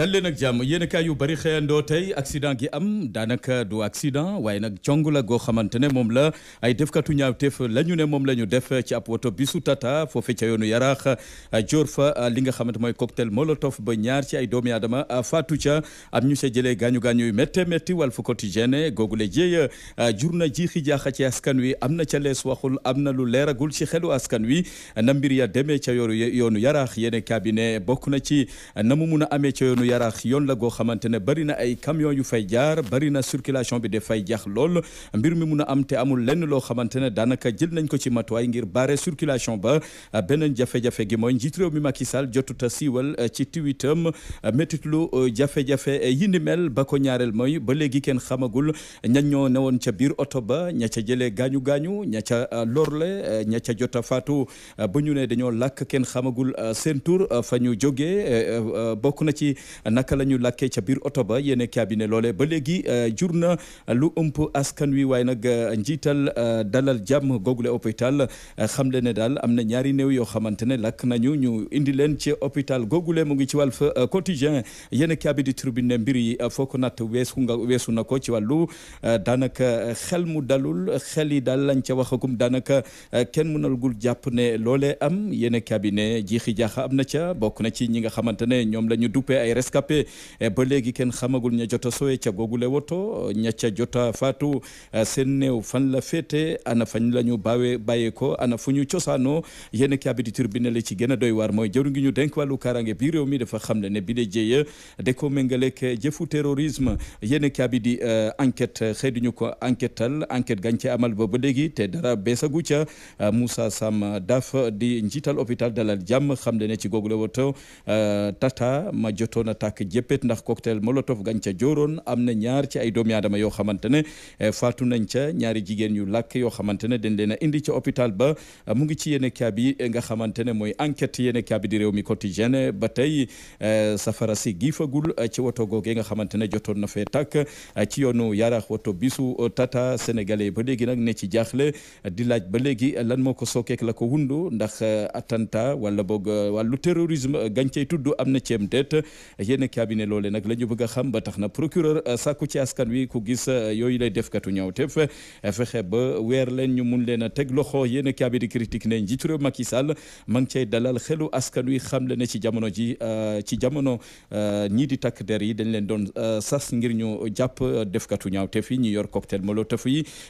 dal leen ak jàmm yéen kaay yu bari xëyandoo tey accident gi am daanaka du accident waaye nag cong la goo xamante ne moom la ay defkatu ñaawteef la ñu ne moom la ñu def ci ab woto bisu tata foofe ca yoonu yaraax joor fa li nga xamante mooy cocktail molotov ba ñaar ci ay doom yaadama faatu ca am ñu ca jëlee gaañu gaañu yu métte métti Walf Quotidien googule jéey jur na ji jiixi jaaxa ci askan wi am na ca lees waxul am na lu leeragul ci xelu askan wi na mbir ya demee ca yoonu yoonu yaraax yéen cabinet bokk na ci na mun amee yaraax yoon la goo xamante ne bari na ay camion yu fay jaar bari na circulation bi de fay jax lool mbir mi mun a am te amul lenn loo xamante ne daanaka jël nañ ko ci matuwaay ngir bare circulation ba beneen jafe-jafe gi mooy njiit réew mi Macky Sall jotuta siiwal eh, ci tiwitam eh, métitlu eh, jafe-jafe yi ni mel ba ko ñaareel mooy ba léegi kenn xamagul ñañ ñoo newoon ca biir oto ba ña ca jëlee gaañu gaañu ña ca lorle ña ca jota faatu ba ñu nee dañoo làkk kenn xamagul seen tur fa ñu jógee bokk na ci naka la ñu làkkee ca biir oto ba yéen cabinet loole ba léegi euh, jur na lu ëmp askan wi waaye nag euh, njiital euh, dalal jàmm googule hôpital xam le ne daal am na ñaari néew yoo xamante ne lakk nañu ñu indi leen ci hôpital googule mu ngi ci Walf Quotidien yéen cabinet di tribune mbir yi foo ko natt weesu nga weesu na ko ci wàllu daanaka xel mu dalul xel yi daal lañ ca waxagum daanaka kenn mënalgul jàpp ne loole am yéen cabinet jiixi jaaxa am na ca bokk na ci ñi nga xamante ne ñoom la ñu duppee ay rescapé e, ba léegi kenn xamagul ña jota sowe ca googule woto ña ca jota faatu e, seen néew fan la féete ana fañ la ñu bawee bàyyee ko ana fu ñu cosaanoo yéen ki abidi turbine la ci gën a doy waar mooy jëru ñu denk wàllu kaaraange bi réew mi dafa xam ne ne bi de jéye de ko méngaleek jëfu terrorisme yéen ki abidi e, enquête xëy duñu ko enquêtal enquête gànce amal ba ba léegi te dara beesagu ca Moussa Sam dafa di njiital hôpital Dalal Jàmm xam ne ci googule woto tata ma jotoon na tàkk jëppét ndax cocktail molotov gañ ca jooroon am na ñaar ci ay doomi aadama yoo xamante ne eh, faatu nañ ca ñaari jigéen yu lakk yoo xamante ne dañ leen indi ca hôpital ba eh, mu ngi ci yéene kaabi eh, nga xamante ne mooy enquête yéene kabi di réew mi quotidien ba tey safara si giifagul ci woto googee nga xamante ne jotoon na fe takk ci yoonu yaraax woto bisu tata sénégalais ba léegi nag ne ci jaaxle di laaj ba léegi lan moo ko sookeek la ko wundu ndax attentat wala boog wàllu terrorisme gañ cey tudd am yéen ne loole nag la ñu bëgg a xam ba tax na procureur euh, sàkku ci askan wi ku gis euh, yooyu lay defkatu ñaaw tef euh, fexe ba weer leen ñu mun leen a teg loxo yéen cabinet critique ne njiitu réew Macky Sall ma ngi cay dalal xelu askan wi xam le ci jamono ji ci jamono ñii di takk yi dañ leen doon sas ngir ñu jàpp defkatu ñaaw tef ñu yor cocktail molotov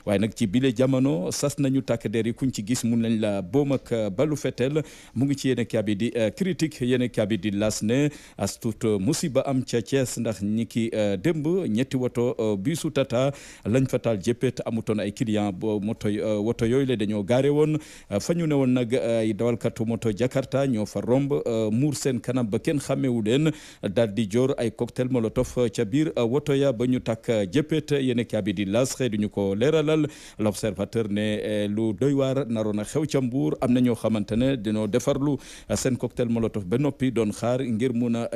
waaye nag ci bile jamono sas nañu takk der yi kuñ ci gis mun lañ la boom ak balu fetel mu ngi ci yéen cabinet critique yéen cabinet las ne as musiba am ca Thiès ndax ñi ki euh, démb ñetti woto euh, bisu tata lañ fa taal jëppet ay client bo moto euh, woto yooyu la dañoo gaare woon fa ñu ne woon nag ay dawalkatu moto Jakarta ñoo fa romb muur seen kanam ba kenn xàmmewu leen daal di joor ay cocktail molotov ca biir woto ya ba ñu takk jëppet yéen a bi di las xëy duñu ko leeralal l'observateur ne lu doy waar naroon a xew ca Mbuur am na ñoo xamante ne defar lu seen cocktail molotov ba noppi doon xaar ngir mun a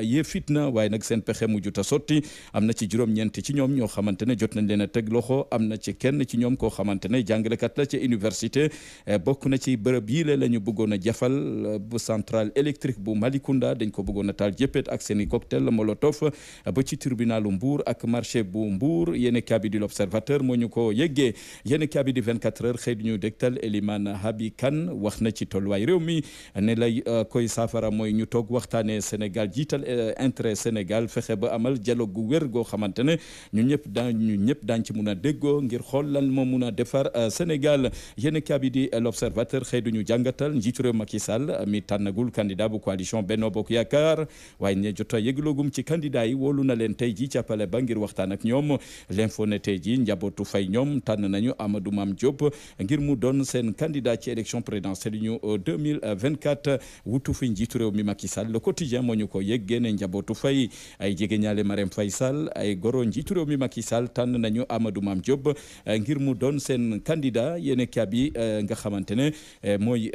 na waaye nag seen pexe mu a sotti am na ci juróom-ñeent ci ñoom ñoo xamante jot nañ leen a teg loxo na ci kenn ci ñoom koo xamante ne jàngalekat la ci université eh, bokk na ci bërëb yi la ñu bëggoon a jafal eh, bu centrale électrique bu Malikunda dañ ko bëggoon a taal jëppet ak seen i cocktail molotov eh, ba ci tribunalu Mbour ak marché bu Mbour yéen kaabi di l'observateur moo ñu ko yëggee yéen kaabi di 24 heures xëy ñu dégtal Eliman Habi wax na ci tolluwaay réew mi ne lay koy saafara mooy ñu toog waxtaanee créer Sénégal fexe ba amal dialogue gu wér goo xamante ne ñu ñëpp daan ñu ñëpp daan ci mun a déggoo ngir xool lan moom mun a defar euh, Sénégal yéen kaabi di euh, l'observateur xëy du ñu jàngatal njiitu réew Macky Sall mi tànnagul candidat bu coalition Benno Bokk Yaakaar waaye ñe jota yëgloogum ci candidat yi wolu na leen tey ji càppale ba ngir waxtaan ak ñoom l'info ne tey ji njabootu fay ñoom tànn nañu amadu Mame Diop ngir mu doon seen candidat ci élection présidentielle ñu 2024 euh, wutu fi njiitu réew mi Macky Sall le quotidien moo Fatou Faye ay jegeñaale Marème Faye Sall ay goro njiitu mi Macky Sall tànn nañu amadu Mame Diop eh, ngir mu doon seen candidat yéen kabi eh, nga xamante ne eh, mooy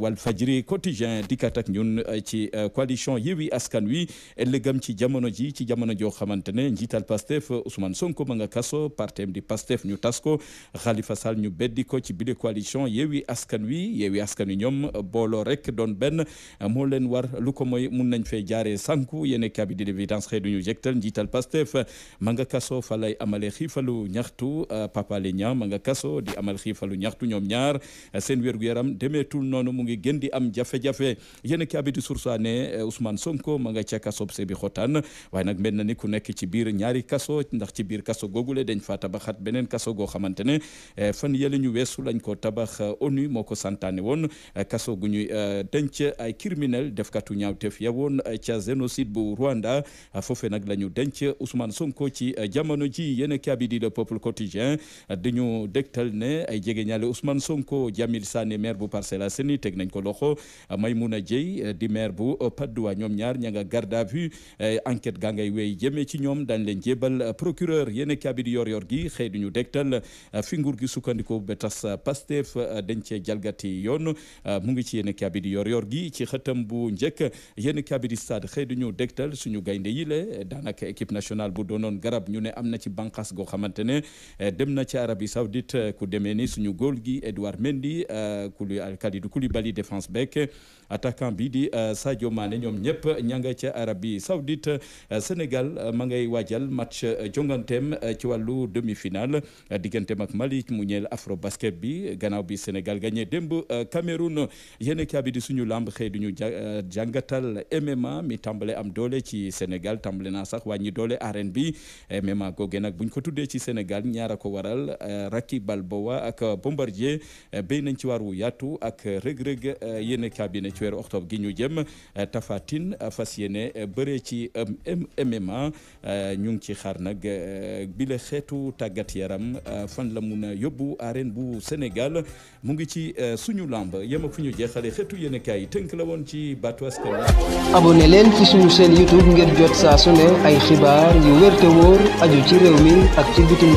Walf Fadjri quotidien dikkaat ak ñun ci coalition Yewwi Askan Wi ëllëgam ci jamono ji ci jamono joo xamante ne njiital Pastef Ousmane Sonko ma nga kaso partem di Pastef ñu tas ko Khalifa Sall ñu beddi ko ci bile coalition Yewwi Askan Wi Yewwi Askan Wi ñoom booloo rek doon benn moo leen war lu ko mooy mun nañ fee jaaree sànku bi di l'évidence xëy duñu jegtal njiital Pastef ma nga kaso fa lay amale xiifalu ñaxtu euh, Papa Alé Niang ma nga kaso di amal xiifalu ñaxtu ñoom ñaar seen wér yaram demeetul noonu mu ngi gën di am jafe-jafe yéen ki abidi sursaane euh, Ousmane Sonko ma nga ca kaso bi xotaan waaye nag mel na ni ku nekk ci biir ñaari kaso ndax ci biir kaso le dañ fa tabaxat beneen kaso goo xamante ne euh, fan yële ñu weesu lañ ko tabax ONU moo ko santaane woon kaso gu ñuy denc ay criminel def ñaawteef Rwanda ah, foofe nag la ñu denc Ousmane Sonko ci eh, jamono ji yéen kaabi di le peuple quotidien eh, dañu degtal ne ay jege ñaale Ousmane Sonko Jamil Sané maire bu Parcelles Assainies teg nañ ko loxo ah, a Dieye eh, di maire bu Patte ñoom ñaar ña nga garde à vue enquête gaa ngay wéy jëmee ci ñoom daañ leen jébal procureur yenn kaabi di yor yor gi xëy duñu dégtal fi nguur gi sukkandikoo ba tas Pastef dañ cee jalgati yoon mu ngi ci yéen kaabi di yor yor ci xëtam bu njëkk yenn kaabi stade xëy duñu dégtal dëggal suñu gaynde yi la daanaka équipe nationale bu doonoon garab ñu am na ci bànqaas goo xamante ne eh, dem na ci Arabie Saoudite eh, ku demee ni suñu góol gi Edouard Mendy eh, kuli Kalidou Koulibaly défense beek attaquant bi di Sadio Mané ñoom ñëpp ña nga ca Arabie Saoudite Sénégal ma ngay waajal match jonganteem ci wàllu demi-finale digganteem ak Mali mu ñeel Afrobasket bi gannaaw bi Sénégal gagné démb Cameroun yéen a kii di suñu lamb xëy du ñu jàngatal MMA mi tàmbale am doole. ci Sénégal tàmbale naa sax wàññi doole arène bi MMA eh, googee nag buñ ko tuddee ci Sénégal ñaar ko waral eh, Rocky Balboa ak Bombardier eh, béy nañ ci waru wu yaatu ak rëg-rëg yéen cabinet ci weeru octobre gi ñu jëm Tapha fas yéene bëree ci MMA ñu ngi ci xaar nag bile xeetu tàggat yaram fan la mun a yóbbu arène bu Sénégal mu ngi ci suñu lamb yem ak fu ñu jeexale xeetu yéen kaay tënk la woon ci baatu askan abonné leen ci suñu seen YouTube ngir jot saa su ay xibaar yu wér te wóor aju ci réew mi ak ci bitim réew